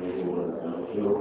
Thank you.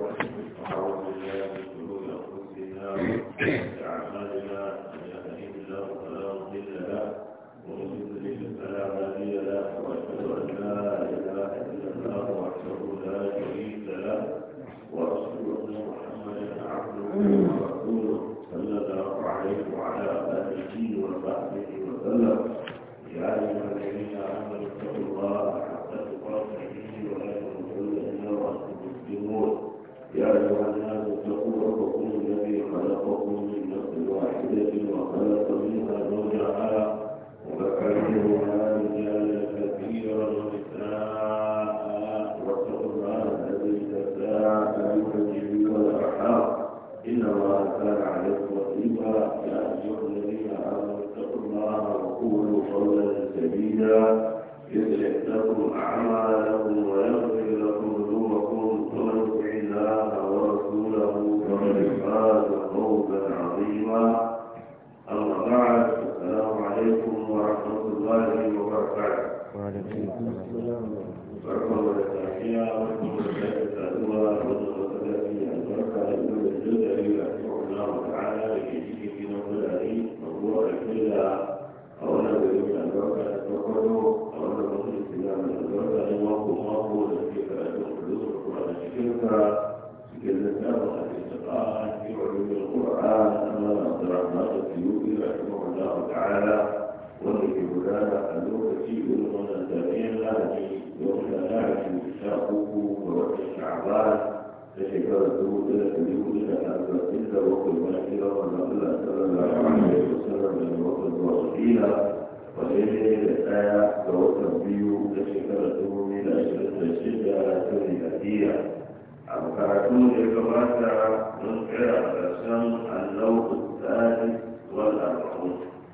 الله تعالى وفي بلاد اللغة يوم الدنيا يوم شعبان فشكرته الدولة اليوم الأربع إلا وقت المشكلة ونقل صلى الله عليه وسلم من وقت الوصفين وشيء لسايا ووقت البيو فشكر إلى الشدة على سنة الأدية أو كرتون لكبرتها من قرأ الأسلام الثالث والأربعون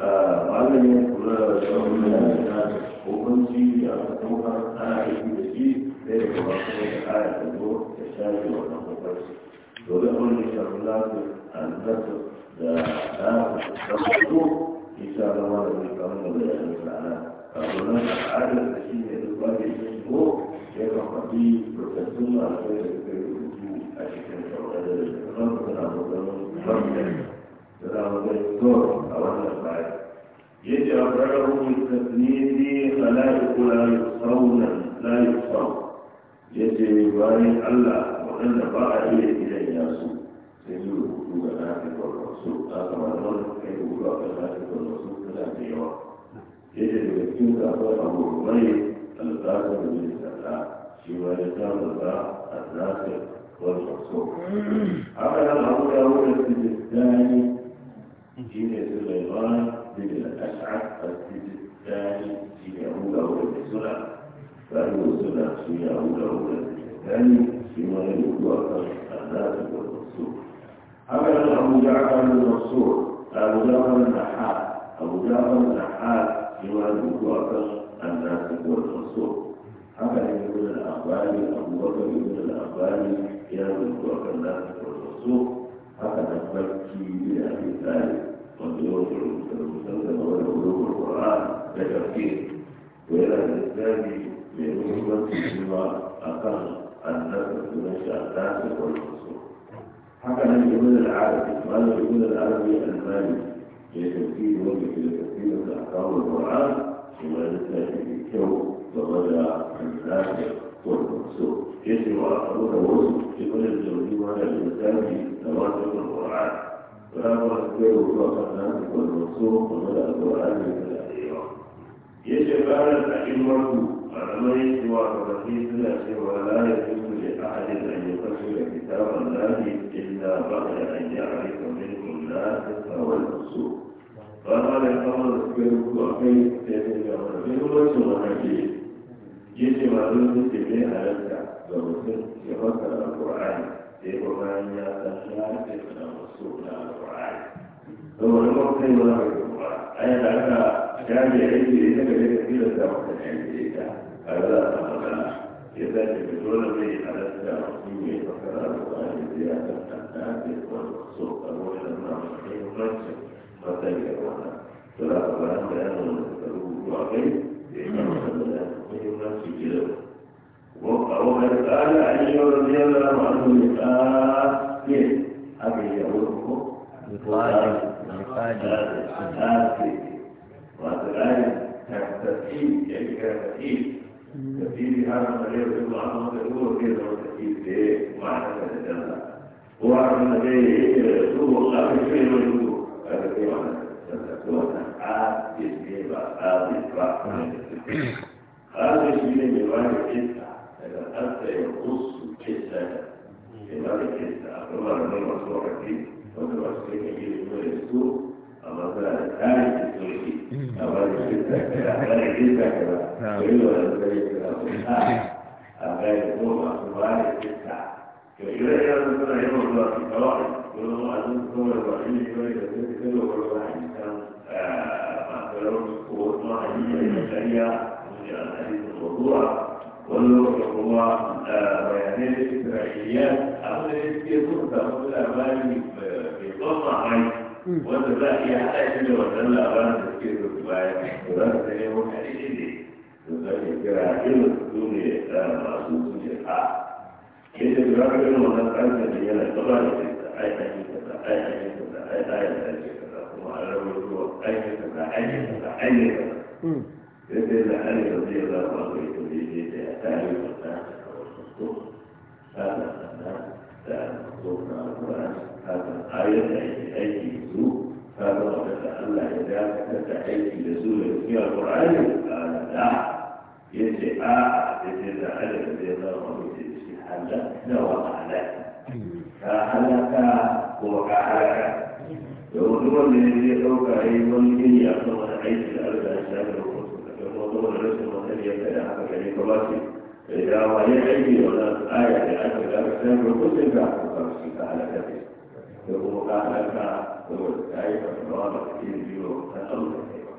malamin kula da shawarar da ya hukunci da aka kuma ana aiki da shi da ya kuma kuma da kara da zo da shafi wannan hukunci domin wani shafi lafi albarka da na shafi isa zama da zai kamar da bayanin sana kafin nan al'adar da shi ne duk wanda ya shigo ya kan faɗi rukatun masu da suka rubutu a cikin sauran da zai kamar da suna gudanar da suna wajen a wannan bayan yace a ƙararru tasnidi khala'iqu la ya la yusaw yace bayan Allah waɗanda ba a iya gidan yasu sai rubutu kamar a kan da yawa yace da shi a nafi shi ne su zaiwan daga al'asha a cikin tsari shi ne abubuwa wadda suna ƙarfi wasu na su yi abubuwa wadda suke gani shi ma ne duk wa kan tsarnatu da wasu haka da abu ya kwanu wasu abu ya kwanu na ha abu ya kwanu na ha shi ma ne duk kan tsarnatu da wasu haka ne duk da labari abubuwa da labari ya zuwa kan tsarnatu da wasu هكذا تبكي إلى أبي ثالث وقلوب المسلمين وقلوب القرآن بتفكير وإلى الإسلام بمهمة فيما أقل النفس بنشأ الناس والفصول هكذا الجمل العربي قال الجمل العربي المالي لتفكير وجه لتفكير أحكام القرآن وما لسه في الكون وبدا الناس والمقصود يجب وأخذوك وزن في كل الجوزين وعلى الإنسان في تواتر القرآن فهو أكبر وصفنا والمنصوب ومدى القرآن من الأخيرة يجب على الأئمة على يجب وأخذتي سلاسل ولا يجب لأحد أن يفسر كتاب الله إلا بعد أن يعرف منه الناس فهو المنصوب فهذا الأمر أكبر وأخير يجب على الأئمة وأخذتي يجب على الأئمة da mutum ya da alƙur'ani sai ko bayan ya san shafe da wasu na alƙur'ani saboda wani mai kuma a yana ana shafe da ita gare ka filar da mutum ya yi da ita a za a samu magana ya zace da dole zai halatta mutum ya fassara alƙur'ani sai ya san shafe da wasu a wajen na muhimmancin da wannan. Sura a bayan yi da suka rubutu a kai, da ya kama da muhimmanci وقد قال علي رضي الله عنه لقاتل أبي يقوله لقاتل لقاتل وقال تكتفي يعني كتفي تكتفي بهذا المريض يقول عنه تقول في تكتفي به معنى تتجلى وعن النبي يقول قال في وجهه هذا في معنى تكون عابد بما عابد قال في من الواجب hasta el curso que se haga. En la de que está aprobada, no lo vas a aquí. No te vas a creer que viene un buen estudio. A más de la de Cari, que estoy aquí. A más de kuma bayanai da isra'iliya abin da suke sun samu labari mai ban mamaki wanda za a iya haɗa shi da wannan labarin da suke so su baya to za su ta nemo kaɗai ne to za su kira irin su ne masu su ne a yadda su za ka gani wannan ƙarfin da yana gaba da shi ta aikata ta aikata ta aikata ta aikata kuma a rabar zuwa aikata ta aikata ta aikata sai da ali radi Allahu anhu ya tambaye da ya tare da to haka da da to na Qur'an haka ayat da yake aiki su haka da Allah ya da ta aiki da su da cikin Qur'ani da yace a yace da ali radi Allahu anhu ya ce halla da wa ala ka halaka ko ka halaka da wani wanda ya ɗauka yi wani iri a kan wani aiki da Allah ya shafi saboda rashin wani ya kada haka gare ka ba ce da ya wani aiki da wani aya da aka da aka sayar da kusin ka ba su ka halaka ne da kuma ka halaka saboda ta yi fatawa ba ta yi biyo ta tsawon da ba.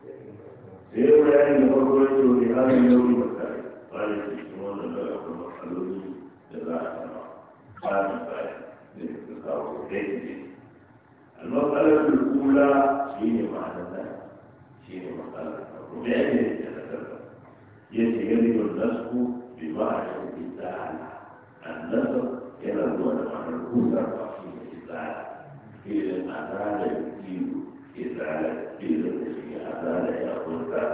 sai wani da farko ya ce wani halin yau ba ta ba da shi kuma wannan da ya kuma matsaloli da za a sama ba da ba da su kawo daidai المسألة الأولى شيء معنى شيء مسألة لأجل التكلم يتجنب النسخ بمعنى الدعاء النسخ كما هو معنى الهدى في تعالى إذا أزال الدين إزالة إذا أزال يأخذ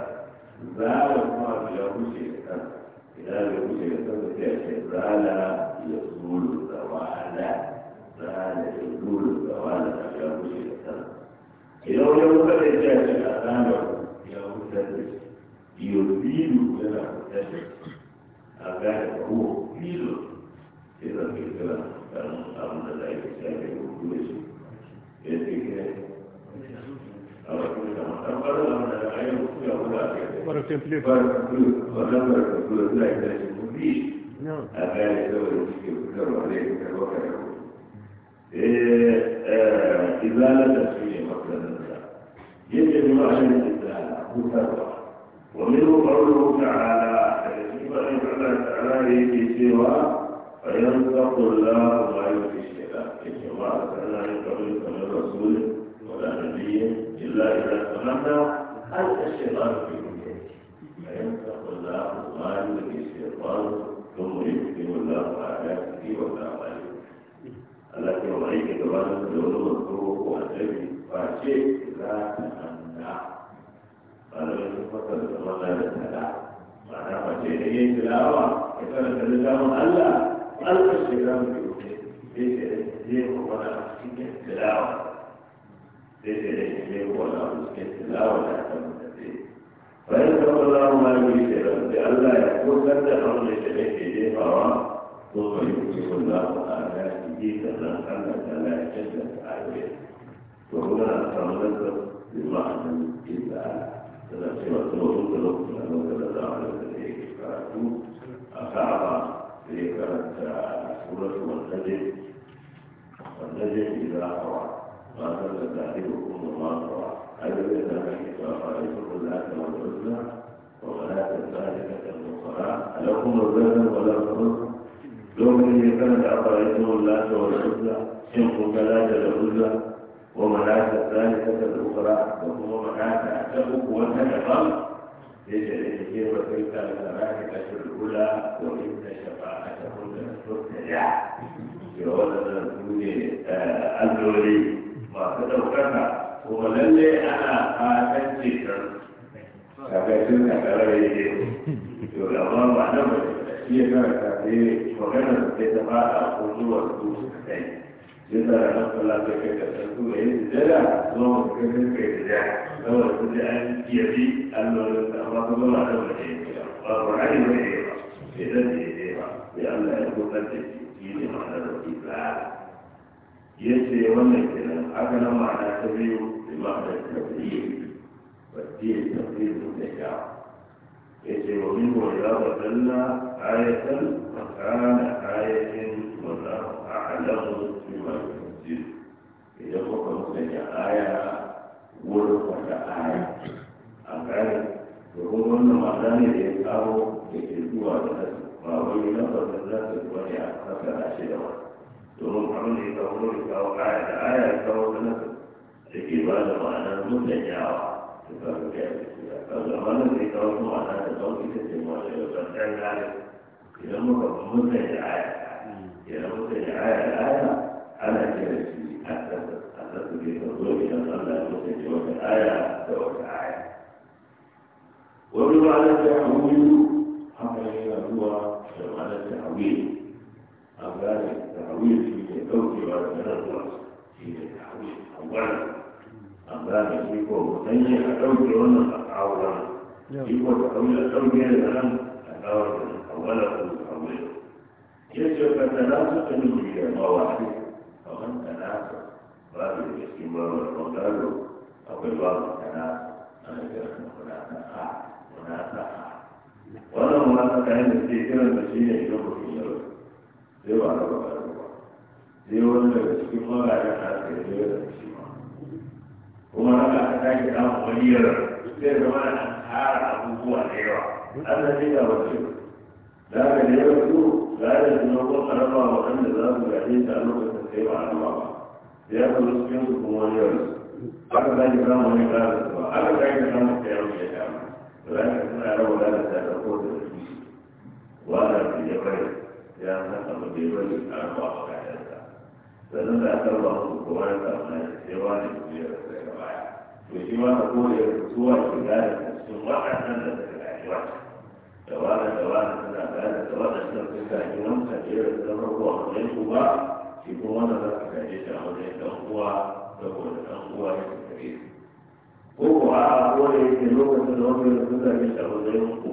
زال الله يوم شيئا إذا يوم شيئا فيأتي زال يزول زوالا زال يزول زوالا يوم شيئا إذا يوم شيئا فيأتي أزال yorubiru yana ɗaya a gaya kuma biyu yana da zai fi sai da yau kuma shi ya ce ke a wasu da a yi mutu a gaya da zai fi shi ya ke fara temple da zai fi sai da kuma shi ya ce ke da yau kuma shi ya ce ke fara temple da zai da yau kuma shi ya ce ke da zai da yau kuma ce ke fara temple da zai fi yau kuma shi ya ce ke fara temple yau kuma shi ya ce ke fara temple da zai yau ya ce ke yau ya ce ke ومنه قوله تعالى يجب أن الله تعالى يجي سوى فينطق الله ما يلقي الشيطان الجماعة تعالى يقبل من رسول ولا نبي إلا إذا تمنى أن الشيطان في مكانه فينطق الله ما يلقي الشيطان ثم يكتب الله آياته ولا غيره التي رأيت كمان لون مذكور وأدبي فاشيء لا تنام malamai sun kwatanta zama na da ya karanta Allah ya sai da a cikin tilawa sai da je ko a cikin da ta da Allah ya tana cewa kuma duk da lokacin da muka da za a da ya ke karatu a ka'aba da ya karanta suratu wanzaje wanzaje idan hawa ma san da zaɓi da kuma ma hawa ayyukan da aka yi cewa fa'a yi kuma za ta wani wasu ومناة ذلك الأخرى لكم الرزق ولا الرزق يوم إذا كانت أقرأتم الله والعزة إن كنت لا جل عزة ومناعة الثالثة الأخرى وهو مناعة أتقف وتنظم يجعل كثير وتلك الملائكة الأولى وإن شفاعتهن ترتجع يقول سوني الدولي ما تدوكنا kuma lalle ana fatan cikin kakashin kakarar yake to da ba ba nan ba shi ya karanta sai magana da ta fara a kuzuwar su kai yasa da nan kula da kai da sarku da yin sujada zuwa masu kai da ja saboda su ji an yabi allolin da amma kuma ba da wani ba ba ba ne ba ne ba bai zan ne ne ba allah ya kusan da shi ne ma'anar da isa ya ce wannan kenan haka nan ma'ana ta biyu da ma'anar tafiye tafiye da ya ya ce wa min wa ya wa dalla ayatan makana ayatin wallahu idan kuka musanya aya wurin aya a gane da kuma wannan ma'ana ne da ya kawo da ke zuwa da nasu ba wani lafazin nasu kuma ne a kasa shi da wani domin abin da ya kawo wurin kawo aya da aya ya kawo da nasu da ke ba da ma'anar musanyawa da kawo da ya ce ya kawo da ma'anar da ya kawo da ma'ana da kawo ita ce ma'ana da ban ɗan gane idan muka musanya aya idan musanya aya da aya ana kira shi أساس وفي الآية فوفي الآية وبما هو التحويل أمثال التحويل في الكوك والمنطق في التحويل أولا أمثال فيكو مثنية الكوك والمنطق أولا فيكو تحويل الكوك والمنطق أولا أولا يجب أن تناسق المجتمع واحد فمن تناسب باب المسكين باب المقال أو باب التناسب أنا كرهنا منافقة da وأنا منافقة عند كثير من المسيح يشوفه في الأرض زي على ba. sai wani daga cikin mazajen haka ya zai da shi ma kuma haka ta tashi samun waliyar zai zama na tara abubuwa da yawa an da zai da da haka da yawa لا يتنوق ربا وأن ذلك يحيي تعلق التسيب على الله لأن الرسول يوم يوم haka za ki samu wani ƙara da ba haka za ki samu ta yau ya kama za ka suna rawa da ta da ko da su wanda ke ya bari ya san abu da ya bari a rawa a kayansa sannan da aka rawa su kuma ya samu na cewa ne su ya rasa ya baya to shi ma ka kore ya rasuwa shiga da cikin waɗannan da suka rayuwa tawaga da suna tare da tawaga suna fuska a gidan kaje da zama ruwa wajen ku ba shi kuma wanda za ka kaje shi a wajen ɗan uwa saboda ɗan uwa ya kare ko ko a ko da yake lokacin da wani da fuska ne shi a wajen ku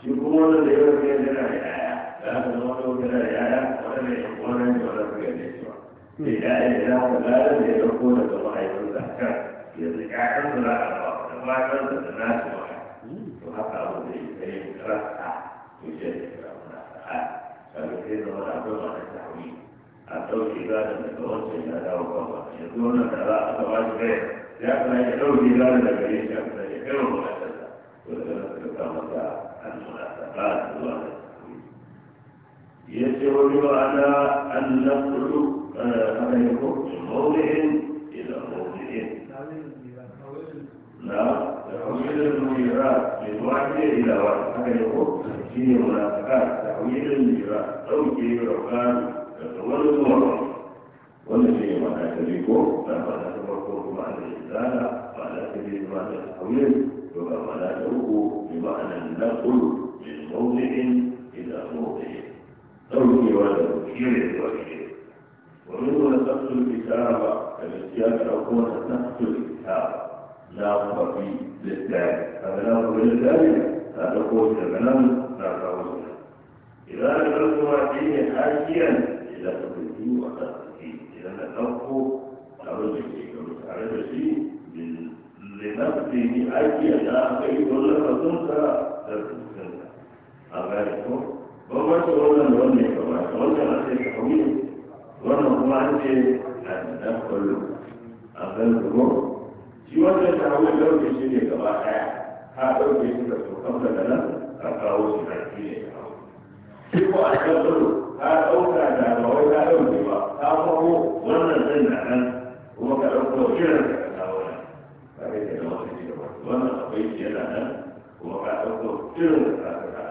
shi kuma wanda da yau ne yana da yaya da haka zama wani yana da yaya wanda ne ya kwana ne wanda suka gane shi ba da yaya ya za da gara da ya ɗauko daga mahaifinsa kan yanzu ya'yansa za a ba da mahaifinsa da nasu ba haka abu da ya yi rasa to shi ne da wani sa'a sabu sai zama da akwai wani sahawi a ɗauke gadon daga wancan ya dawo kan wani yanzu wannan da za a gaba shi gaya ya kuma ya ɗauke gadon daga gare shi a ya kai wa bukatarsa to da zama suka kama ta al-munasaba zuwa da يسر على أن نخرج هذا يكون من موضع إلى موضع لا تحويل الميراث من واحد إلى واحد هذا يقول فيه منافقات تحويل الميراث توجيه ركان تتولد ورث والذي ما تشركه لا ولا بمعنى معنى الإنسان ولا تجد معنى التحويل ولا تركه بمعنى النقل من موضع إلى موضع توجيه ولا تشير وشيء ومنه نقص الكتابة فالاختيار أو نقص الكتابة لا صفي للتالي فبناه للتالي لا تقول تبناه لا تعود إذا نزلت فيه حاجيا إلى تقلتي وتقلتي إذا نتوقف تعود فيه وتعرف فيه لنفسه حاجيا لا أخير ولا فتنسى أن أغاركم وما تقولنا نولي وما تقولنا نسي تحويل ونقوم عنك أن نقول shi wannan tarawih ɗauke shi ne gaba ɗaya ka ɗauke shi da tsokan daga nan ka kawo shi na shi ne shi ko a kan ka ɗauka da ba wai ka ɗauke ba ka kawo wannan zai na nan kuma ka ɗauko shirin da ka kawo nan ka kai ka zama da shi da wannan akwai shi yana nan kuma ka ɗauko shirin da ka kawo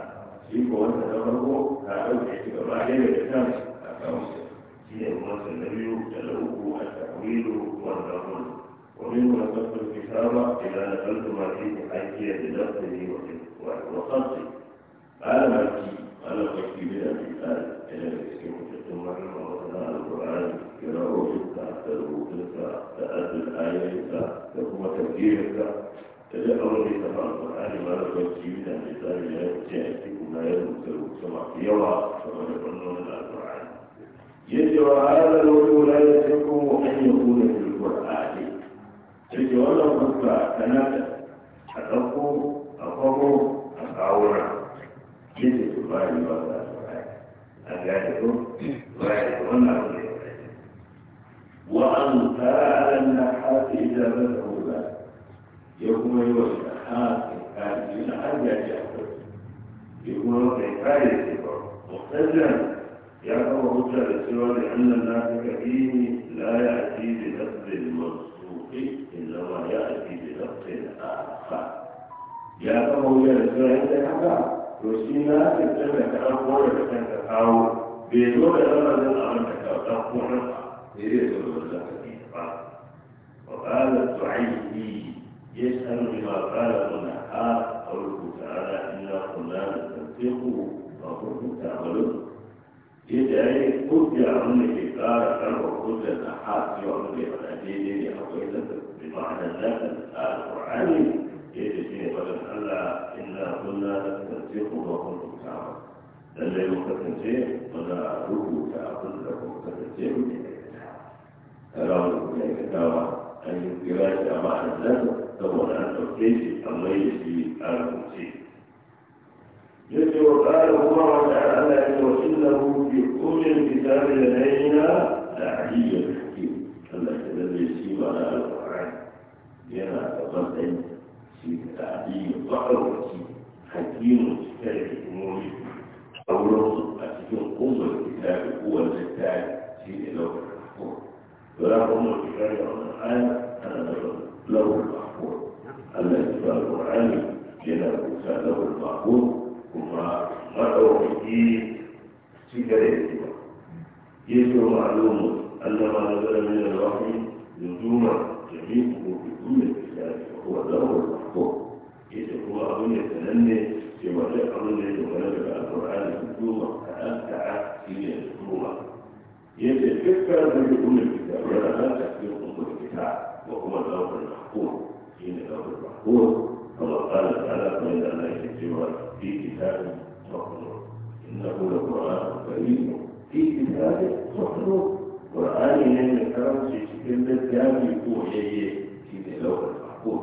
shi ko wanda na farko ka ɗauke shi gaba ɗaya da kan ka kawo shi shi ne kuma sannan biyu da na uku a takwilu kuma. ومنه تدخل الكتابة إذا نقلت ما فيه حكي بلفظه وخلقه قال مالكي قال الحكي بن أبي قال إلى مسكين وجدتم رحمه الله القرآن قراءتك تلوثك تأدي الآية تقوم تفكيرك تجد أول ليس القرآن ما لك يحكي بن أبي قال لا يأتيكم ما يلوث سمع في يوعى فما يظنون القرآن يجب هذا الوجه لا da wannan kuka da na abubuwa da suna yin da haka to shi na cikin da ka ɗauko da ka kan ka kawo bai zo da lamarin abin da ka ɗauko na ba bai zai zo da za ka yi ba wa ƙala tu'aihi ya san bi ma ƙala muna ha a rubuta ana ina kula da tantiku ba rubuta ba yadda ya yi kuɗi a wanda ke ƙara ƙarfa kuɗin da ha yau da ya faɗa daidai ne akwai da bi ma'anar da ta ƙara ƙur'ani yake shi ne wajen Allah inna kunna kasance kuma kun rubuta ba lallai mun kasance muna rubuta abin da kuma kasance muke aikata kaga wanda kuma aikatawa an yi kira shi a ma'anar nan saboda an ɗauke shi a mai da shi a rubuce yake wa ƙara kuma wanda Allah ya wa innahu fi kullin kitabi ladaina la aliyyun hakim Allah ya lalle shi ma'ana alƙur'ani ƙwararwaki hajji ne وقال تعالى من الله سوى في كتاب مخلوق إنه لقرآن كريم في كتاب مخلوق قرآن يعني كرم في شكل الكتاب يكون شيء في لوح المحفوظ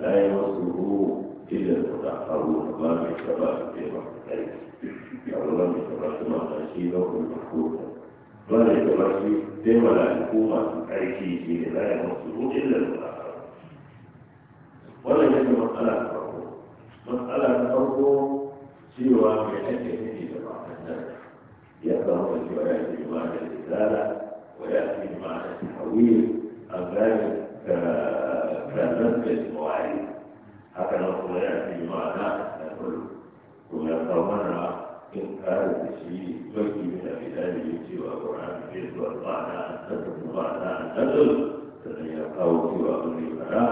لا يوصله إلا المتأخرون ما من شباب في مكة يقولون من شباب ما نشي لوح المحفوظ ما من شباب في ملائكة ما في أي شيء لا يوصله إلا المتأخرون wannan yana matsala ta farko matsala ta farko cewa mai ake nufi da ma'anar ya zama da cewa ya ce ma da izala wa ya ce ma da tahawil an gane ka kanan da mawari haka nan kuma ya ce ma na tahawil to ya zama na in kare da shi baki ne da bidani ya ce wa ƙoran zai zuwa ma'ana an tattalin ma'ana an tattalin sannan ya kawo cewa wani fara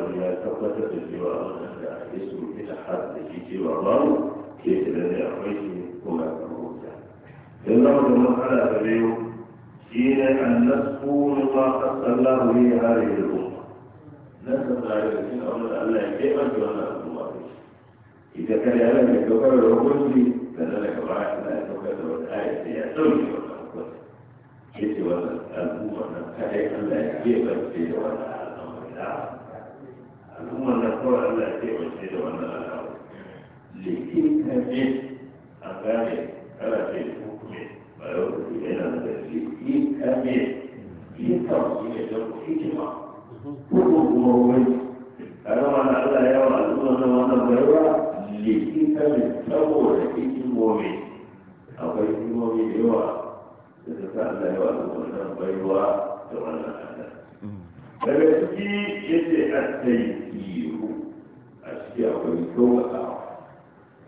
malami ya tabbatar da cewa wannan da ya su ita har da shi cewa babu ke da lalle akwai shi kuma ya rubuta dan zama da matsala ta biyu shi ne annasu ma sallallahu alaihi wa sallam nan ka tsare da cikin abin da Allah ya keɓar da wannan al'umma ta shi idan ka yana da gabar da hukunci da nan daga baya Allah ya saukar da wata ayat da ya ɗauke wannan hukunci ya ce wannan al'umma nan kaɗai Allah ya keɓar da wannan al'amari al'ummar na kawai Allah ya kewace da wannan al'amu likin kaje a gane kana hukume ba yau da su yana da likin kaje likan su ne da hikima kuma kuma wani kana wani Allah ya wa al'ummar na wannan baiwa likin kaje saboda hikimomi akwai hikimomi da yawa da ta sa Allah ya wa al'ummar na baiwa da wannan Allah mm. daga ciki yace في أول توبة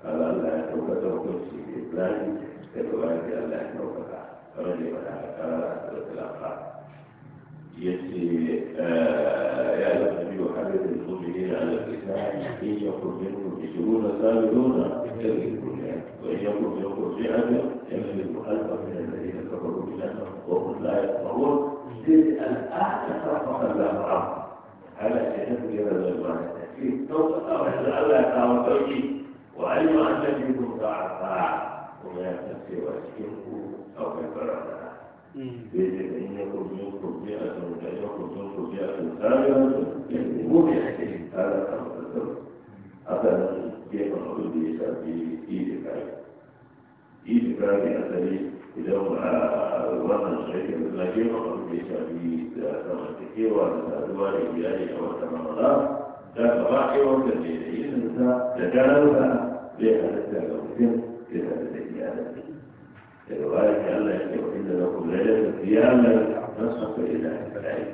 قال الله توبة توبة شيء إبراهيم تبارك الله توبة رجل ولا تلقى يسي آه، يا النبي حدث المؤمنين على الإسلام إن يكن منهم عشرون صابرون يغلبون وإن يكن منهم فئة يغلبوا ألفا من الذين كفروا بأنهم قوم لا يفقهون تلك الأعلى خلق الله عنه على أن يغلب الله في توقف لئلا كان توكي وعلم ان منكم ضعفاء وما يستطيع يسكنكم او كبرنا باذن انكم منكم فئه وانكم منكم فئه ثانيه يكذبون يحكيهم هذا كما هذا كيف نقول في ايدك ايدك يعني idan wannan shirkin da zage ba kuma ke shafi da samantakewa da saduwa da iyali a wata mamala da tsawakewar da ke da izinsa da dararsa zai halitta ga mutum zai halitta iyalarsa daga baya ke Allah ya ce wa inda na kula da ziyarar nasu ka ila ibrahim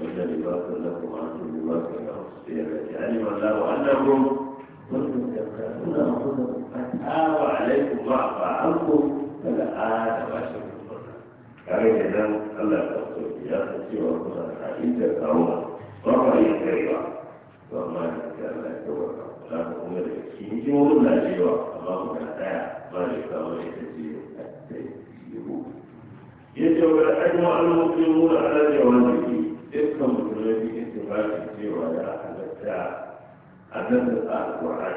wanda ne ba su lafi ma su ne ba su ga wasu sai ga ji ali ma lawo annakum kuntum tafkatuna ma kuntum fatawa alaikum ma fa'alkum kada ada ba shi kare da nan Allah ya sauke ya san cewa kuna da hajjar kawo ba ba yin kaiwa والله كان يتوقع لا أمر يمكن يقول لا شيء الله لا لا يتوقع يجب أن أجمع المسلمون على جوازه إذ مسلمين باتفاق السوى لا أحدث أدلت القرآن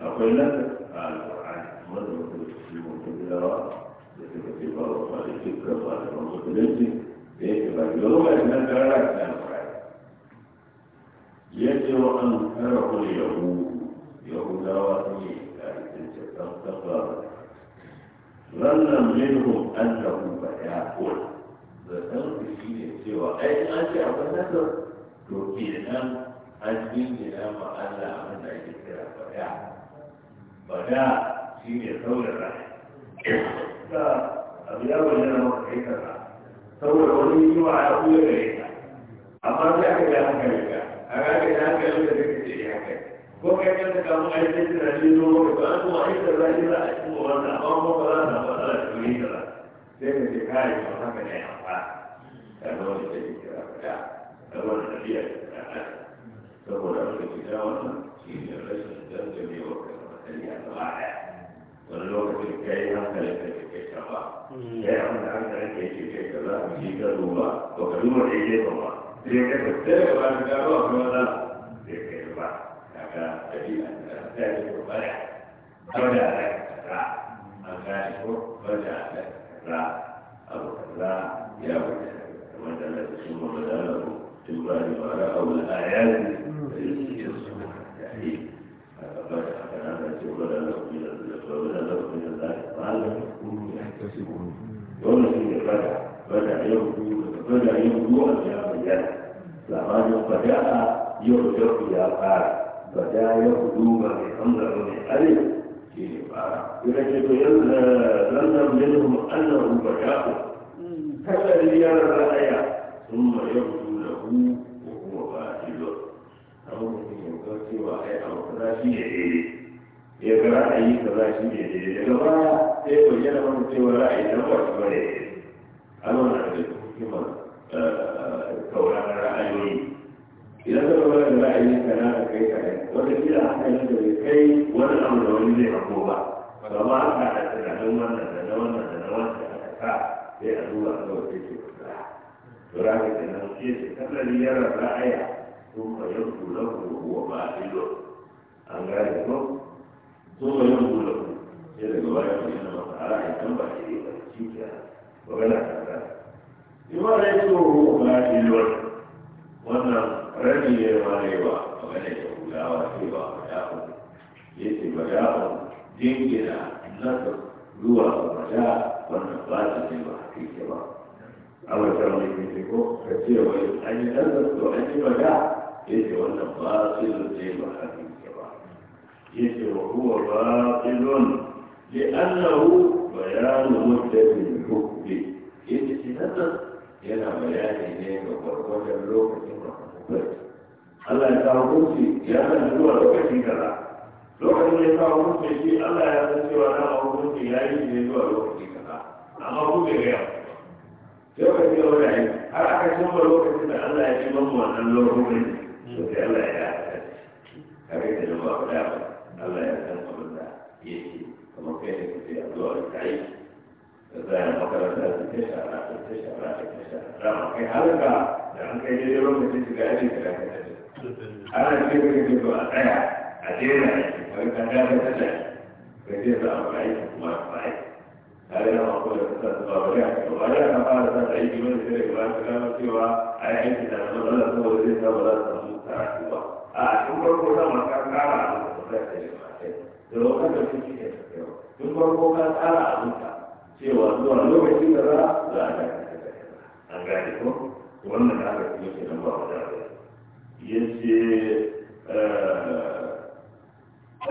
أقول لك في بعض الأحوال الفكرة والمسلمين إيه بقى يوم أن ya ce wa an kara kula yahu yahudawa sun yi ƙarfin cikin kafa rannan minhum an da ba ya kula zaton ku shi ne cewa ai an ce a nasar to nan an jingina ma Allah abin da ake kira ba ba da shi ne saurin rai ta abu ya bayyana maka kai kaza saboda wani yiwa ya kuya gare ta. amma sai aka yi hankali ka a ranar da haka yau da zai ce ya kai ko kai kan ka kamu aikin tunani zo maka ba an kuma aikin rani za a cikin wannan amma kuma ba za a samu matsala da wani ba sai ka ce kai ba haka ne a ba ta zama da take kira ka ta wani tafiya da ta ta saboda wanda ke ta wannan shi ne rashin dangamewa ka zama kai a gaba ɗaya wani lokacin kai hankalin ka ke kai ta ba kai hankalin ka ke kai ka za a ci gado ba ba ka duba daidai ba ba dia kata saya orang Jawa ba dia kata pak kata jadi saya itu banyak banyak kata maka itu banyak kata Abu Kata ya macam itu semua berdalam jumlah di mana awal ayat jadi banyak kata jumlah dalam bila bila dalam bila dalam malam Dole ne ya bada, bada yau, bada yau, yau a magana zamanin fada'a yau jafi ya fara bada ya hudu ba mai hamza mai alif shi fara to yanzu lannan minhum annahu bada'u kada ya ra'aya thumma yabdu lahu wa huwa batilun ya ai abu kaza shi ne ya ga ra'ayi kaza idan ka zama da ra'ayin ka na ka kai kai wata kila hankalin da bai kai wani abu da wani zai hako ba ba ma haka da tunanin wannan da na wannan da na wannan da ka sai a zuwa ga wata ke kusa to ra'ayi ta nan shi ce kallari yana ra'aya sun ka yin kula kuwa ba a ilo an gane ko sun ka yin kula sai daga baya mai yana masa a ra'ayi kan ba shi ne ba shi ke ba gana ta ba. Ima da ya ce a ilo wannan rabewa ne ba a gane da hulawa ce ba a yaku ya ce ba yaku jingina nasa zuwa ba ya wannan ba ta ne ba a kike ba a wata wani kike ko ka ce wai an yi nasa to an yi ba ya ya ce wannan ba su ne ba a kike ba ya ce wa kuwa ba ilon لأنه بيان مدة الحكم يجي نظر yana bayani ne ga gwargwadon lokaci Allah ya kawo ya zuwa lokacin da ya kawo hukunci shi Allah ya san cewa na hukunci ya yi ne zuwa amma ku bai gaya sai ka ce wani har aka cimma lokacin da Allah ya ci mamu wannan lokacin Allah ya kai halaka da an kai daidai lokacin shiga aji ka dafa tashi ana ce ka yi a tsaya a jera aiki wani ka dafa tashi Kai je za a ba aiki kuma ba aiki tare da mako da ta su ba wani aiki ba wani aka fara sa da aiki da sai da ba su gano cewa a yi aiki da na matsala saboda zai samu za su samu karatu ba a cikin farko na maka kara a da ta yi ba da lokacin da suke da yau? tun farko ka kara a cewa zuwa da za a za an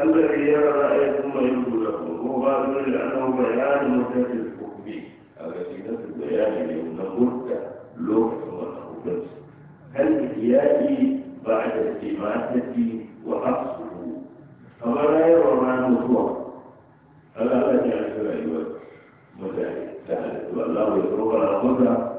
الذي يرى رأي ثم يقول له هو غادر لأنه بيان مدة الحكم التي نفس البيان اليوم نقول لوح ونقول هل إيادي بعد الإماتة وأصله فما لا يرى ما نقول ألا لا جعل سرعي وجه مجاهد سهل والله يقول على قدرة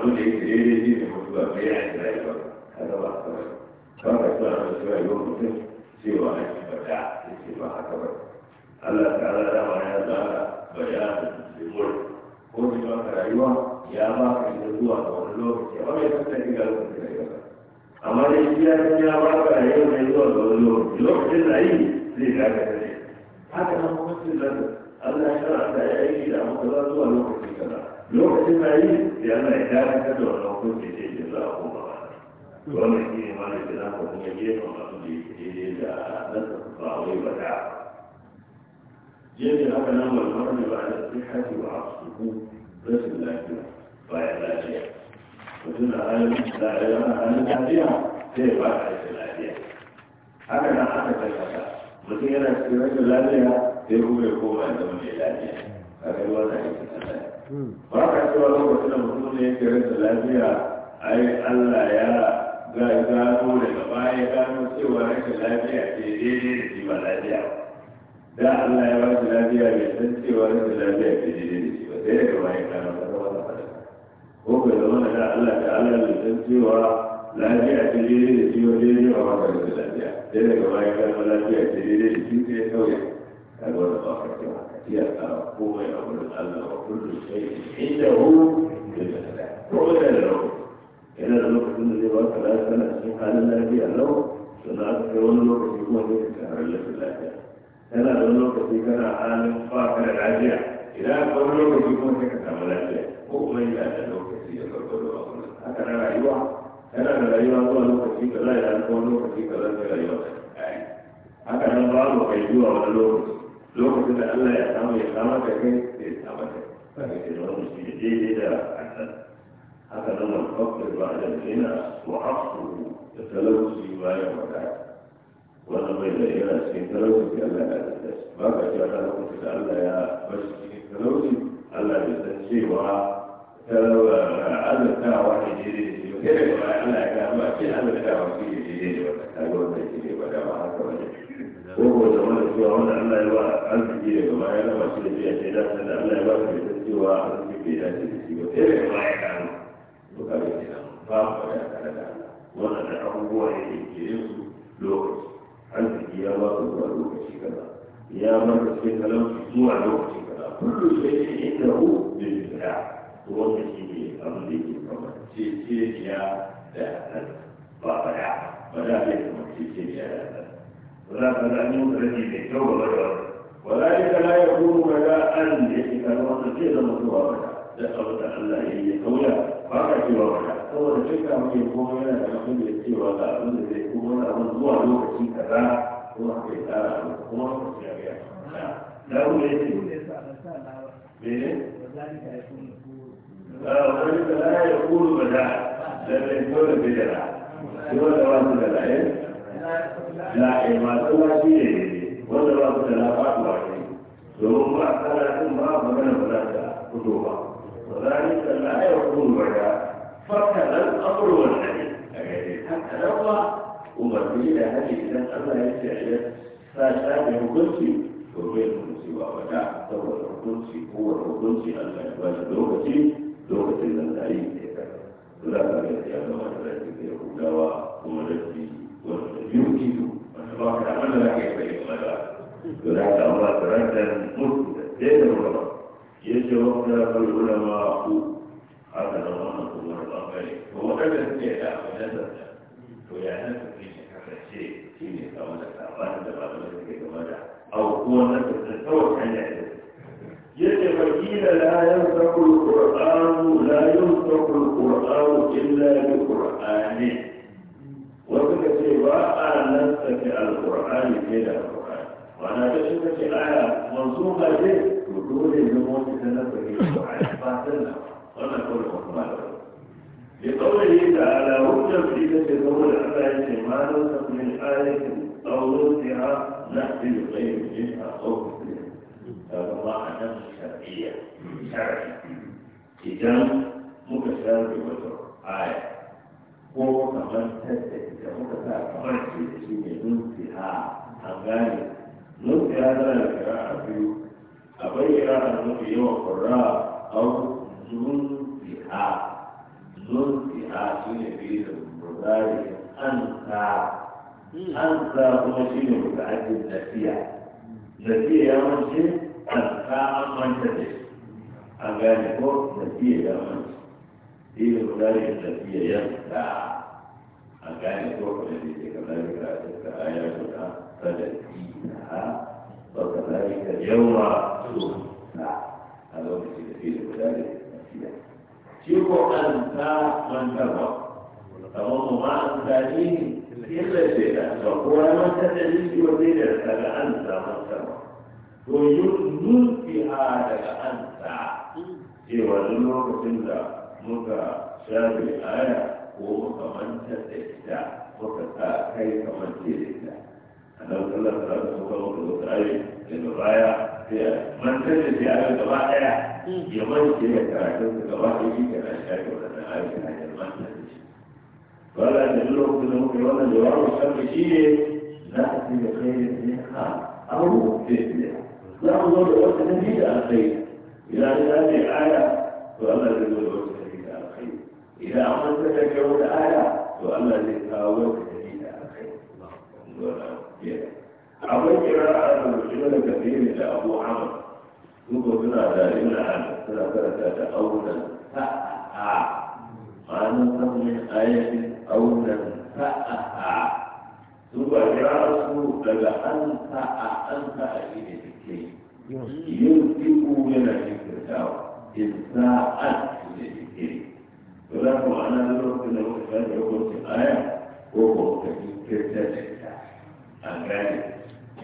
abin da yake daidai ne da mutuwa bai yi rai ba kaga ba haka ba ba ka tsara ta cewa yau mutum cewa a yi bada ya ce ba haka ba Allah ta ala dama ya ta bayanin limur ko ni ba ka rayuwa ya ba ka yi zuwa ga wani lokaci amma bai san kai ga lokacin rayuwa ba amma dai shi ya san ya ba ka rayuwa mai zuwa ga wani lokaci lokacin da yi zai dakata ne haka nan kuma sun zaka Allah ya shara ta ya yi da amma zuwa lokaci lokacin na yi ya yana ya dara ka da wannan hukunci ce ke za a koma ba wannan shi ne malin da za ka kuma gefen masu da yake daidai da ba wai ba ta jefe haka nan wani wani ba da sai haji wa asubu rashin lafiya bayan lafiya mutum na halin da ya yana lafiya sai ba a rashin lafiya haka nan aka tattata mutum yana cikin rashin lafiya sai kuma ya koma ya zama mai lafiya a kai wata aikin Allah ba ka cewa lokacin da mutum ne yake rasa lafiya ai Allah ya ga gano daga baya gano cewa rashin lafiya ce daidai da shi ba lafiya da Allah ya ba shi lafiya bai san cewa rashin lafiya ke daidai da shi ba sai daga baya gano ta da fada ko bai zama da Allah ta Allah bai san cewa lafiya ke daidai da shi ba daidai ba ba ka da lafiya sai daga baya gano lafiya ke daidai da shi sai ya kauya kaga wata ba ka cewa هي قوة أول الله وكل شيء عنده بالمثلات وإلى العروض إلى الوقت الذي وقت لا سنة سبحان الله في العروض سنعرف كون الوقت يكون في الكهر إلا في الله كان الوقت كان عالم فاخر العجيع إلى كون الوقت يكون في الكهر إلا في مؤمن إلى الوقت يقول هكذا رأيوها كان رأيوها هو الوقت في كلا إلى كون الوقت في كلا في رأيوها هكذا بعض وقيدوها ولا الوقت lokacin da Allah ya samu ya kama da kai da ya kama da kai da ya zama shi da daidai da annan haka nan wani kafin ba da yana wa afsu da talauci bayan wadata wannan bai da yana cikin talauci da Allah ya da shi ba ka cewa lokacin da Allah ya bashi cikin talauci Allah ya san cewa talawa azantawa ne jere da shi kai da Allah ya kama ce azantawa shi ne daidai da wadata ga wannan shi ne ba da ba haka ba ne ko ko da wani cewa wanda Allah ya ba arziki daga ya na shi da biya sai da sanda Allah ya ba su da cewa arziki bai dace da shi ba sai daga ya ka nan to ka ga kenan ba ku ya kada da wannan da abubuwa ne da ke yin su lokaci arziki ya ba su zuwa lokaci kaza ya ba ku sai talauci zuwa lokaci kaza kullu shay'in indahu bil qada to wannan shi ne abin da yake kamar ce ce ya da ba ba ya ba da ya kama ce ce ya da ولا تلعنوا الذي بيتوا وغيره وذلك لا يكون بداء ليس كما تصير مطلوبا لقد الله إليه قولا فقط وغيره هو الفكرة من يكون هنا يقول يسير ولا أظن يكون هنا موضوع لوكسي كذا هو حقيقة هو حقيقة لا هو يسير وذلك لا يكون بداء لأن يكون بداء يقول لو أنت بداء la'ai masu lafi ne wanda ba su da lafafu a kai domin ba a tsara talatin ba a magana ba za ta fito ba ba za ni tsalla a yau kun baya fakalar abubuwan da ne a gare hakalar ba umarni da hake idan allah ya ce a yi sa shafi hukunci to bai hukunci ba wata saboda hukunci ko wani hukunci allah ya ba shi lokaci lokacin da ta yi ne ka za ka ga ya zama da rajin da ya hudawa kuma da يمكن أسباب ولكن الله دين العلماء يجب أن العلماء هذا نظام الله هو هذا السيئة ونزل ويا نفس هذا الشيء أو هو نفس التوقع يحدث يجب قيل لا ينطق القرآن لا ينطق القرآن إلا بقرآنه وكذا سوى أن نستطيع القرآن إلى القرآن وأنا آية تشوف في آية منصوبة به بدون النموذج تنفذ القرآن فاتنا ونقول حكمه لقوله تعالى هجم في تشوف الآية ما نسخ من آية أو نسخها نأتي بخير منها أو مثلها هذا الله أنه شرعية شرعي إذا مكسر بوتر آية هو كمان تدري da muka sa kamar ce da shi ne nunfi ha an gane nunfi ha tana da kira a biyu akwai kira a mafi yawan kurra au nunfi ha nunfi ha shi ne fiye da murgari an sa an sa kuma shi ne muta'addin nasiya nasiya ya mance an sa an manta da shi an gane ko nasiya ya mance shi ne murgari nasiya ya sa an gane ko kuma ne ke kamar yadda ake ka aya guda sadaki ba ta zai ka yawa to na a lokaci da fiye guda da nasiya shi ko an ta mantarwa kamar mu ma an zaɓi illa ce da ba kowa mantar da shi ko zai da daga an ta mantarwa to yi nufiha daga an ta cewa duk lokacin da muka shafi aya ko makamanta da ita ka sa kai kamar ce da ita a nan kallon sarari su kawo da wasu ayi daga baya mantar da shi ayon gaba ɗaya mm. ya mance da karatun su gaba ɗaya shi kana shafi waɗannan ayon da hanyar mantar da shi wala da duk lokacin da muka yi wannan jawabin shafi shi ne za a ce da kai da ne ha abubuwan da za a zo da wata nabi da alkhairi idan ya ce aya to Allah zai zo da wata idan an wata da kyau da aya to Allah zai kawo ka da ni da akai akwai kira a nan shi da kafiri da Abu Hamad duka suna da yin an suna karanta da auna sa'a ma'anin samun ayatin auna sa'a su ba kira su daga an sa'a an sa'a ne da ke yin iko yana cikin dawa in sa'an ولا هو أنا أدرك أنه هذا هو الآية وهو كتاب أنكاري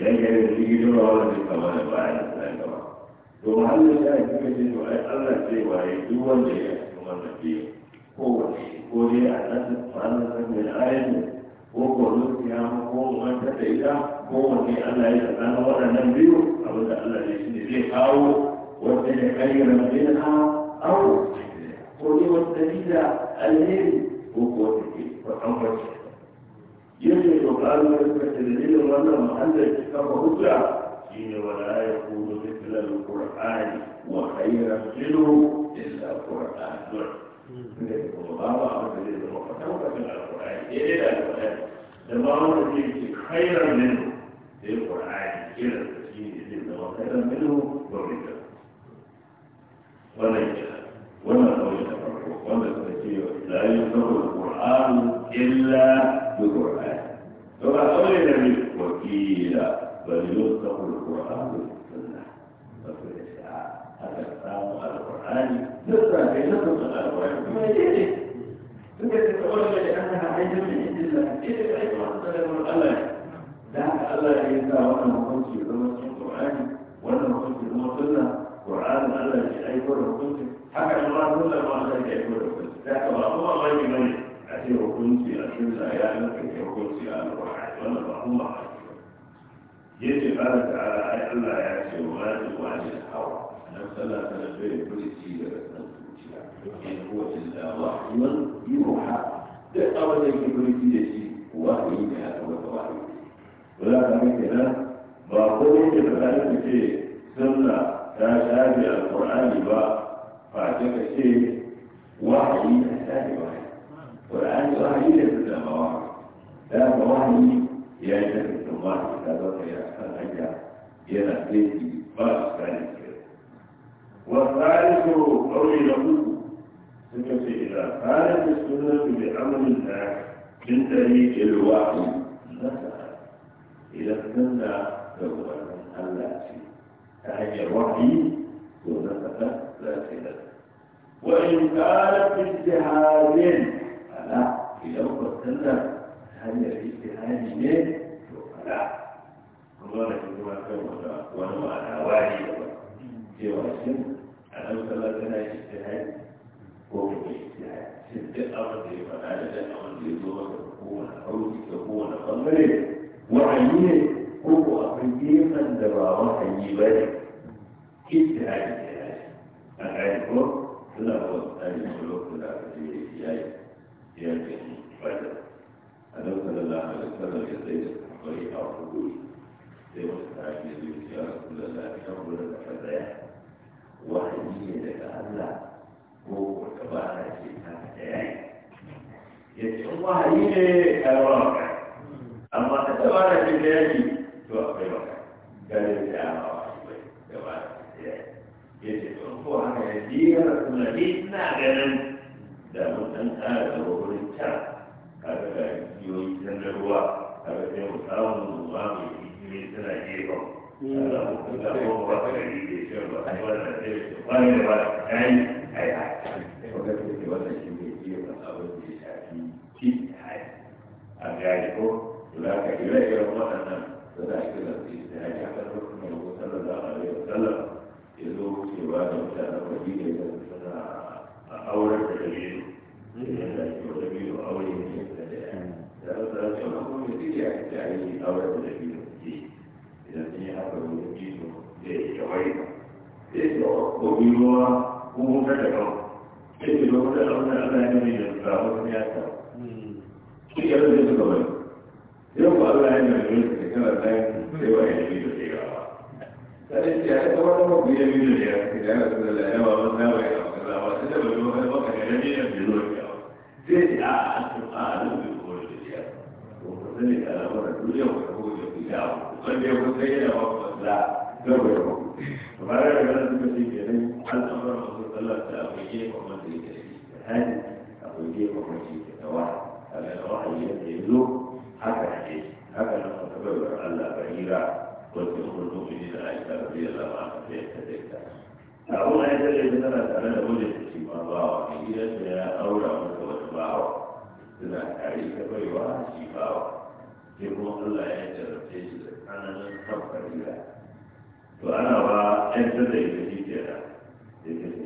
لأن يجي دور ولا بكمال بعد ذلك to Allah ya yi kuma jin wa Allah sai wa ya duk wanda ya kuma wannan biyu ko wani ko dai a nan Allah san mai ayin ko ko ya ko ta da ita ko wani Allah ya san waɗannan biyu abinda Allah ya shi ne zai kawo wanda ya kayyana bin ha au ko ne wata dalila alheri ko kuwa wata ke bakan bace yadda ya ɗauka an yi da dalilin wannan muhallar ta kafa hujja shi ne wala ya kuma fitilar qur'ani wa khayran minhu illa qur'anun da ke kuma babu abin da zai zama fata wakacin ya daidai da alqur'ani da ma wanda ke ce khayran minhu sai qur'ani kiran shi ne zai zama khayran minhu wa wannan sa wannan hukunci zama cikin Qur'ani wannan hukunci zama sunna Qur'ani Allah ya aiko da hukunci haka in ma sunna ma Allah ya aiko da hukunci da ka ba kuma ba ki bane a ce hukunci a sunna ya naka ke hukunci a Qur'ani wannan ba kuma ba yace Allah ta'ala ai Allah ya ce wa ji wa ji hawa nan sallah ta da bai kulci da rasan zuciya in huwa illa wahyun yuha duk abin da ke kulci da shi wahayi ne haka wata wahayi ba za ka mace nan ba ko yake da zai ku ce sunna ta shafi alƙur'ani ba ba ce ka ce wahayi ta shafi ba ƙur'ani wahayi da su da bawa ya ga wahayi ya yi ta fito ma ta zo ka yi a kan hanya yana zai ba su kare ke wa tsari ko ƙauri na uku sun ka ce ina tsari ko sunan da amalin da jin da ni ke da wahayi إذا كنا جوالا ألا فهي وحي ونفت ذاتنا وإن كانت اجتهاد فلا إذا كنا هي اجتهاد yiwuwa kuma kuma ta daga wani. Sai ke lokacin da Allah ya nuna da sabon sallar ta akwai gefen wanda yake da istihadi akwai gefen wanda yake da wahayi kaga da wahayi yadda ya zo haka ne haka nan wata baiwar Allah barira wacce umar mu'minin da Aisha radiyallahu anha ta ta da ita a wani ya tare da tana tare da wajen da shi ma bawa ne gidansa ya aura masa wani bawa suna tare da baiwa shi wa, sai kuma Allah ya jarrace shi da tsananin kan barira to ana ba 'yan da ita shi kenan da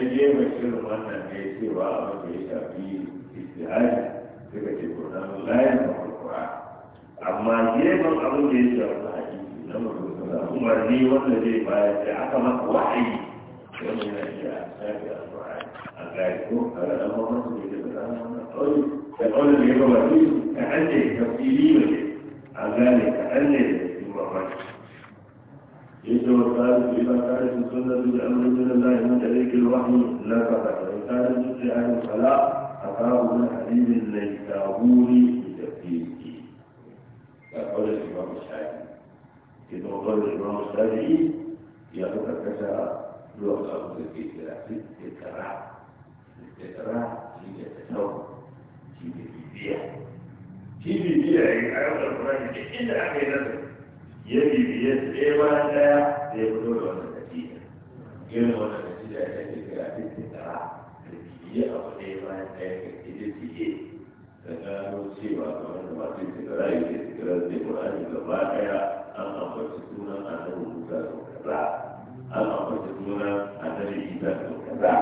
sai je mai shirin wannan ne cewa abin da ya shafi istihari suka ce kurnan layin da kurkura amma gefen abin da ya shafi hadisi na mutum suna umarni wanda zai bayar da aka masa wa'ayi wanda yana iya shafi alkur'ani a gari ko a ga ɗan mamman su ne da ɗan ƙauye da ƙauye da ya gabata ka an ne tafsiri ne a gane ka an ne da cikin mamaki يجب القائد إذا كانت السنة بأمر من الله من طريق الوحي لا فقط وإن كانت بشيء فلا أقرأ من حديث النيسابوري بتفسيره فقال الإمام الشافعي في موضوع الإمام الشافعي يقول كذا لغة في ثلاثة التراع التراع هي التسوق هي البيع هي البيع يعني أيضا القرآن إلا أخيرا ya bibiye su ɗaya bayan ɗaya da ya fito da wannan kasida irin wannan kasida ya ke kira fitin tsara da bibiye a wani ɗaya bayan ɗaya ka kide tiye da gano cewa kamar da masu tsikara ya ke tsikara zai kurani gaba ɗaya an ambaci sunan annabi musa sau kaza an ambaci sunan annabi isa sau kaza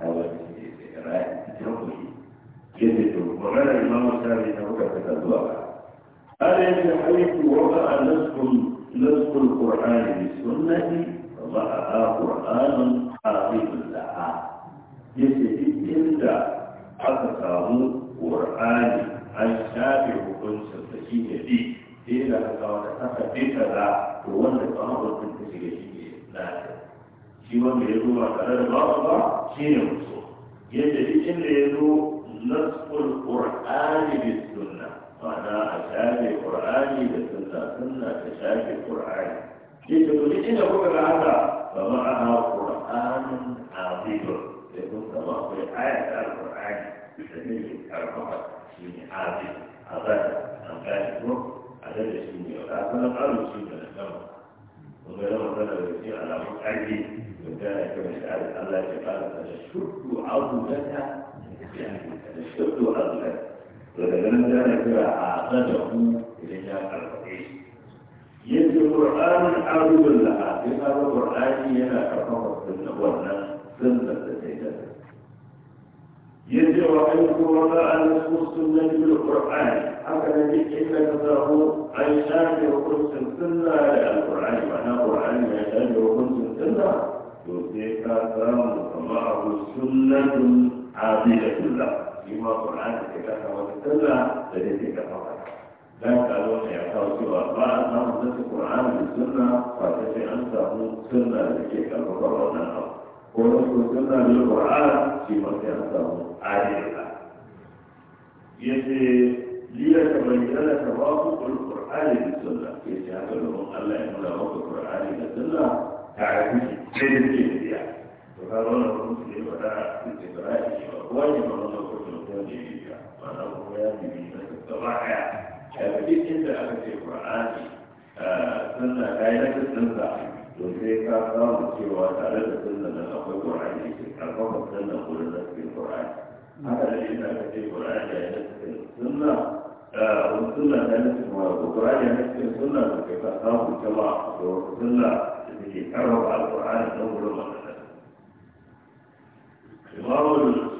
a wani ne tsikara ya ke kuri yadda to magana imamu sami na kuka fita zuwa ba. Ana yin da halittu wata نسخ القرآن بالسنة وضعها قرآن حافظ لها يسجد إلا حفظه قرآن عن شافع كنس التشيء به إلا كما تحدث لا تولد الأمر من تشيء لا shi wanda ya zo ba tare da babu ba shi ne musu yadda معنى أشاهد القرآن لسنة سنة أشاهد القرآن يقول إن هو هذا فمعها قرآن عظيم يكون سماء في آية القرآن بسبيل الكرمات من عظيم هذا أنكاشف على الشيء ولا أصلا قالوا شيء من الكرم وغير ما قال الشيء على مقعدي وكان كما شاء الله تعالى أشكرك عظمتك يعني أشكرك عظمتك to da ganin da ana kira a sadahu idan ya karfafe shi yace qur'anun arudun laha sai ka qur'ani yana karfafa sunna wannan sunna da sai da yace wa an qur'a an sunna bil qur'an haka ne duk inda ka samu an shafe hukuncin sunna da wa na qur'ani ya shafe hukuncin sunna to sai ka samu kama abu sunnatun abidatullah shi ma da ke kasa wata sallah da zai ke kafa haka dan kawo ne ya kawo cewa ba a samun nasu qur'an da sunna ba ta ce an samu sunna da ke karfafa wannan abu ko nasu sunna da Qur'ani shi ma sai an samu adalci yace liya ta bayyana ta ba ku Qur'ani da sunna ke haka domin Allah ya nuna maka Qur'ani da sunna ta rubuce sai da ke biya to ka zo na rubuce ba da ke ba ko ne ba الولية وأنا أولادي من الصراحة بديت يعني أنت أنا في قرآني آه، سنة غيرك السنة وزي كافر سوى تعالى السنة من أخوي قرآني أخوي السنة قلنا في القرآن هذا الذي أنا في القرآن يعني السنة آه، والسنة ثالث والقرآن يعني السنة كيف أصاب الجماعة والسنة التي تعرف على القرآن نور الله الإمام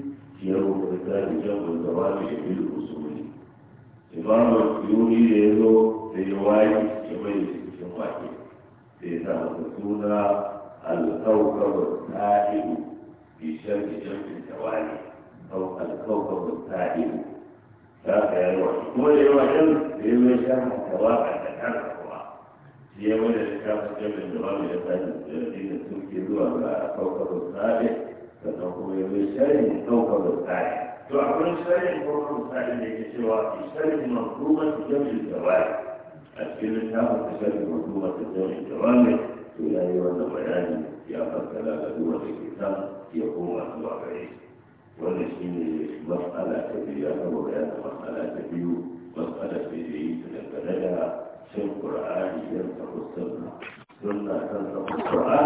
yau da tsari jamun da wani da bil usuli imamu yuni da ya zo da ya wayi ya mai cikin wake da ya sa masa suna alkaukabar ta'ilu bi sharri jamin tawali au alkaukabar ta'ilu ka kuma da yawa mai shafa tawaka da kansa kuma shi ya shafa jamin da wani da tsari ke zuwa ga kaukabar ta'ilu sannan kuma ya yi sharhin ɗaukar rukari to akwai sharhin ɗaukar rukari da ke cewa fi sharhin manzumar jami'in jawari a cikin littafin da sharhin manzumar jami'in jawari to ya yi wannan bayani ya fassara da duwa da ke san ya koma zuwa gare shi wannan shi ne matsala ta biyu ya kama bayanin matsala ta biyu matsala ta biyu yi ta dangane da shin ƙur'ani yan tafassar sunna kan tafassar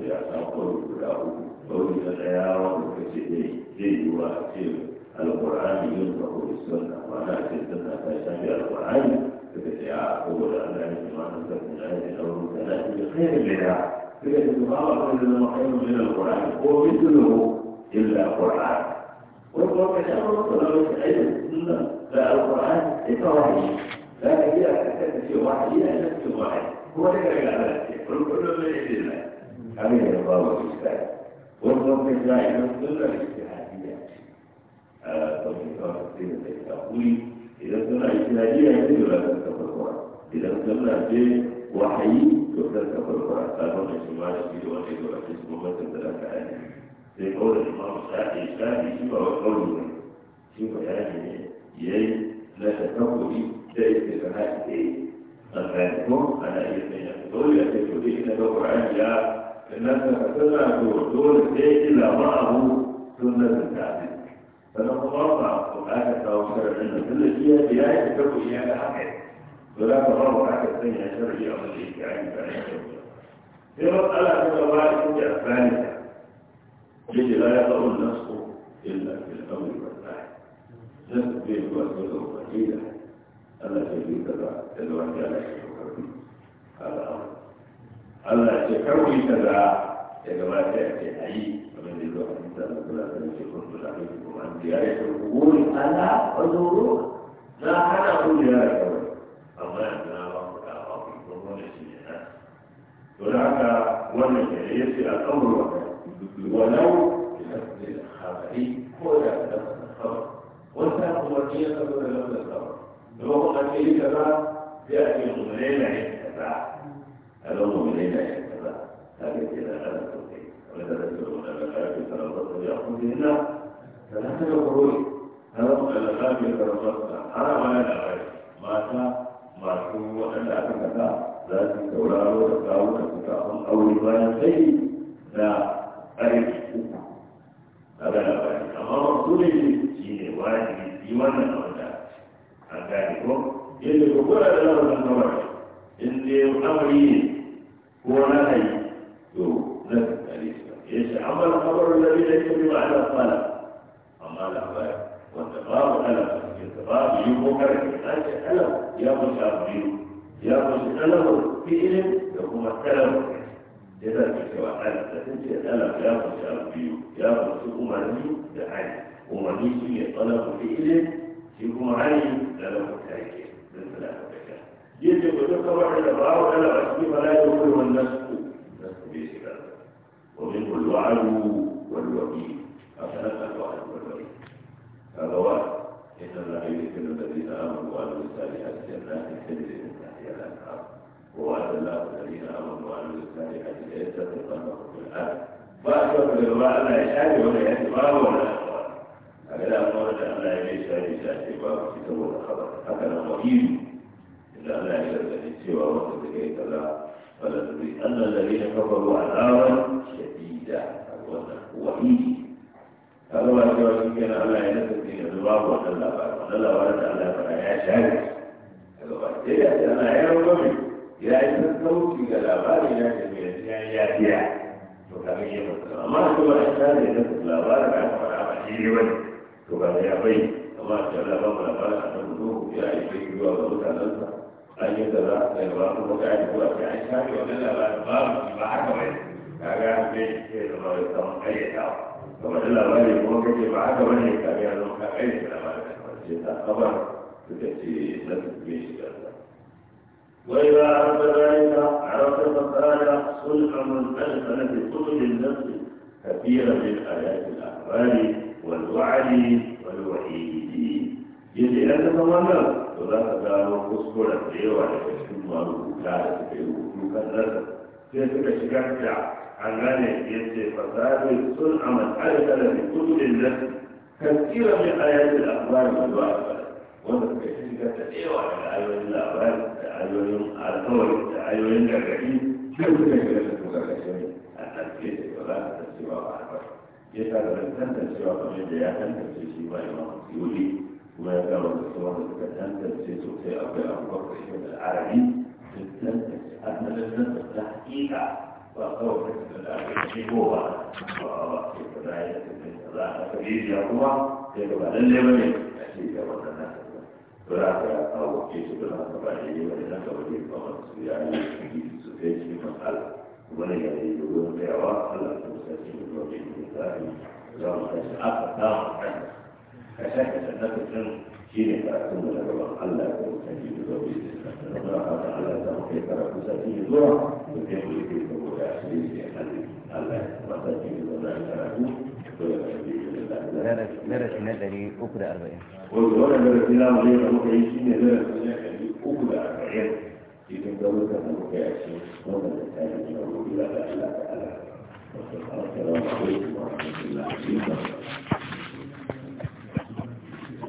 da ya sa kawai guda uku قولي فالحياة وكسيدي جي وأكسير القرآن ينطق بالسنة وأنا أكسير سنة فأشتبه القرآن فكسيعة أقول أن أنا جمعنا سنة الآية أو مثلا بخير البدع فهي تتطابق من المقيم من القرآن هو مثله إلا القرآن والقرآن أمر طلبة أي السنة فالقرآن ليس إتوحي لا هي أكثر في واحد هي نفس واحد هو ذكر على نفسه والكل من عند الله أمين الله وإسلام وهم من لا ينزل الاجتهادية آه، تطبيقات الدين التقوي إذا كنا اجتهادية يجب لا تنسب القرآن إذا كنا شيء وحي تنسب القرآن فهو اجتماع الدين وحيد والحسن ومثل ثلاثة آيات في قول الإمام الشافعي الشافعي شيء هو قوله شيء يعني يجب لا تتقوي ده استثناء إيه أما يكون أنا إذا يقول يا سيدي إن القرآن جاء لأنك تنا دول البيت إلى معه سنة التعليم فنتطلع هذا توصل عندنا كل شيء في بداية شيء على الحقيقة ولا في حتى الدنيا شرعية أو الإسلام في مسألة الجوائز الثالثة التي لا يقع النص إلا في الأمر والثاني نص في الوسيلة الوحيدة التي في تبع الوحيدة على الشيء هذا أمر Allah ce kawai ta za ya gabata ya ce a yi kamar da zuwa hadisi da kula da ce kun kula da shi kuma an biya ya kun gori ala wa zoro na hana kun da ya kawai amma ya na ba ku da ba ku kuma wanda shi ne na to da haka wannan ya ya ce a kawai wa walau da habari ko da da kawai wata kuma ne ya kawai da da kawai da ba ka ce kaza sai a ce mu ne na yin kaza هذا هو من أين يحصل هذا إلى هذا التوحيد ولذا da da da da da amari ne هو نهي يوم نفي التأليف إيش عمل الخبر الذي ليس على الطلب أما الأخبار والتفاهم ألم التفاهم يوم أنت ألم يا مشابه يا مشابه في إلم يقوم التلم إذا كنت وحالة تنسي الألم يا مشابه يا مشابه أمني دعاني أمني سنة طلب في إلم فيكم عين لا لهم تأكيد بالثلاثة yace ba duk kawai da ba wa Allah a cikin malaiku ko wannan su nasu bai shiga wa min al-wa'd wal waqi afala al-wa'd wal waqi kaga wa inna la yuzil alladhina amanu wa amilu salihati jannati tajri min tahtiha al-anhar wa wa'ada Allahu alladhina amanu wa amilu salihati la yastakhfifannahum fil ard ba ta da ba Allah ya shafe wannan ya ba wannan a ga da Allah ya shafe shi ba shi saboda khabar haka nan wahiyu Allah ya gargaɗi cewa wanda ta kai kaza wala ta bi Allah da ne kafaru azaban shadida wannan wahidi kaga ba cewa shi kenan Allah ya nasa ne da babu wannan labarin wannan labarin da Allah ya fara ya share kaga ba sai ya ce Allah ya rawa mai ya yi ta sassauci ga labarin ya ce mai ya ya biya to kaga ya fara amma kuma ya share da labarin ya fara ba shi ne bane to ba kaga ya bai amma da Allah ba mu labarin a kan ya yi zuwa ga mutanensa an yi da za a tsaye ba kuma ga yi zuwa ga an shafi wannan labarin babu ba haka bai ka ga an bai ke da mawai saman karyatawa kamar da labarin kuma kake ba haka bane ka ga yanzu ka karyata labarin da kwarce ta kabar suka ce na su ke shi da ta وإذا عرفت ذلك عرفت فقال صلح من ألفن بكتب النفس كثيرا من آيات الأخبار والوعد والوحيد. يجي أنت تماما za ka gano kuskure da yawa daga cikin marubuta da suka yi rubutu kan nasa sai suka shigar da an gane ya ce fasahin sun amal alkala da kudin nasa da min ayatul akhbar ba du'a wanda suka shigar da yawa daga ayoyin labari da ayoyin alkawari da ayoyin gargaɗi sai suka shigar da kuma gargaɗi a tafiye da ba za ka cewa ba a ya sa da tantancewa kamar da ya tantance shi ba yi imam yuli. kuma ya gama da sauran da suka tantance sosai akwai abubuwan kashe da arabi sun tantance asalin nan da hakika ba kawai kashe da aka shigowa ba ba ke kaza ya tafi kaza a kariya kuma sai ga ba lalle ba ne a ce ga wannan nan ba za ka awoke shi ba za ka ba ne ne wani nan gaba ne ba wani su ya yi su sai shi matsala kuma ne ya yi da wurin tsayawa Allah ya kusa shi da wani da za mu kashe aka samu kansa ka shaƙi sannan mutum shi ne karatu mu na gaban Allah ko ta ji da zobe da na ta Allah ta mu kai karatu sati da zuwa da kai mu yi da shi ne Allah ya kuma sati da zuwa na karatu ko ya karbi darasi na ɗari uku da arba'in. Wanda wannan darasi na mu da muka yi shi ne darasi na ɗari da Cikin garuruka da muka yi a cikin wannan da ta yi da wuri da Allah ta Allah. ta alaikum ta rahmatullahi wa barakatuh.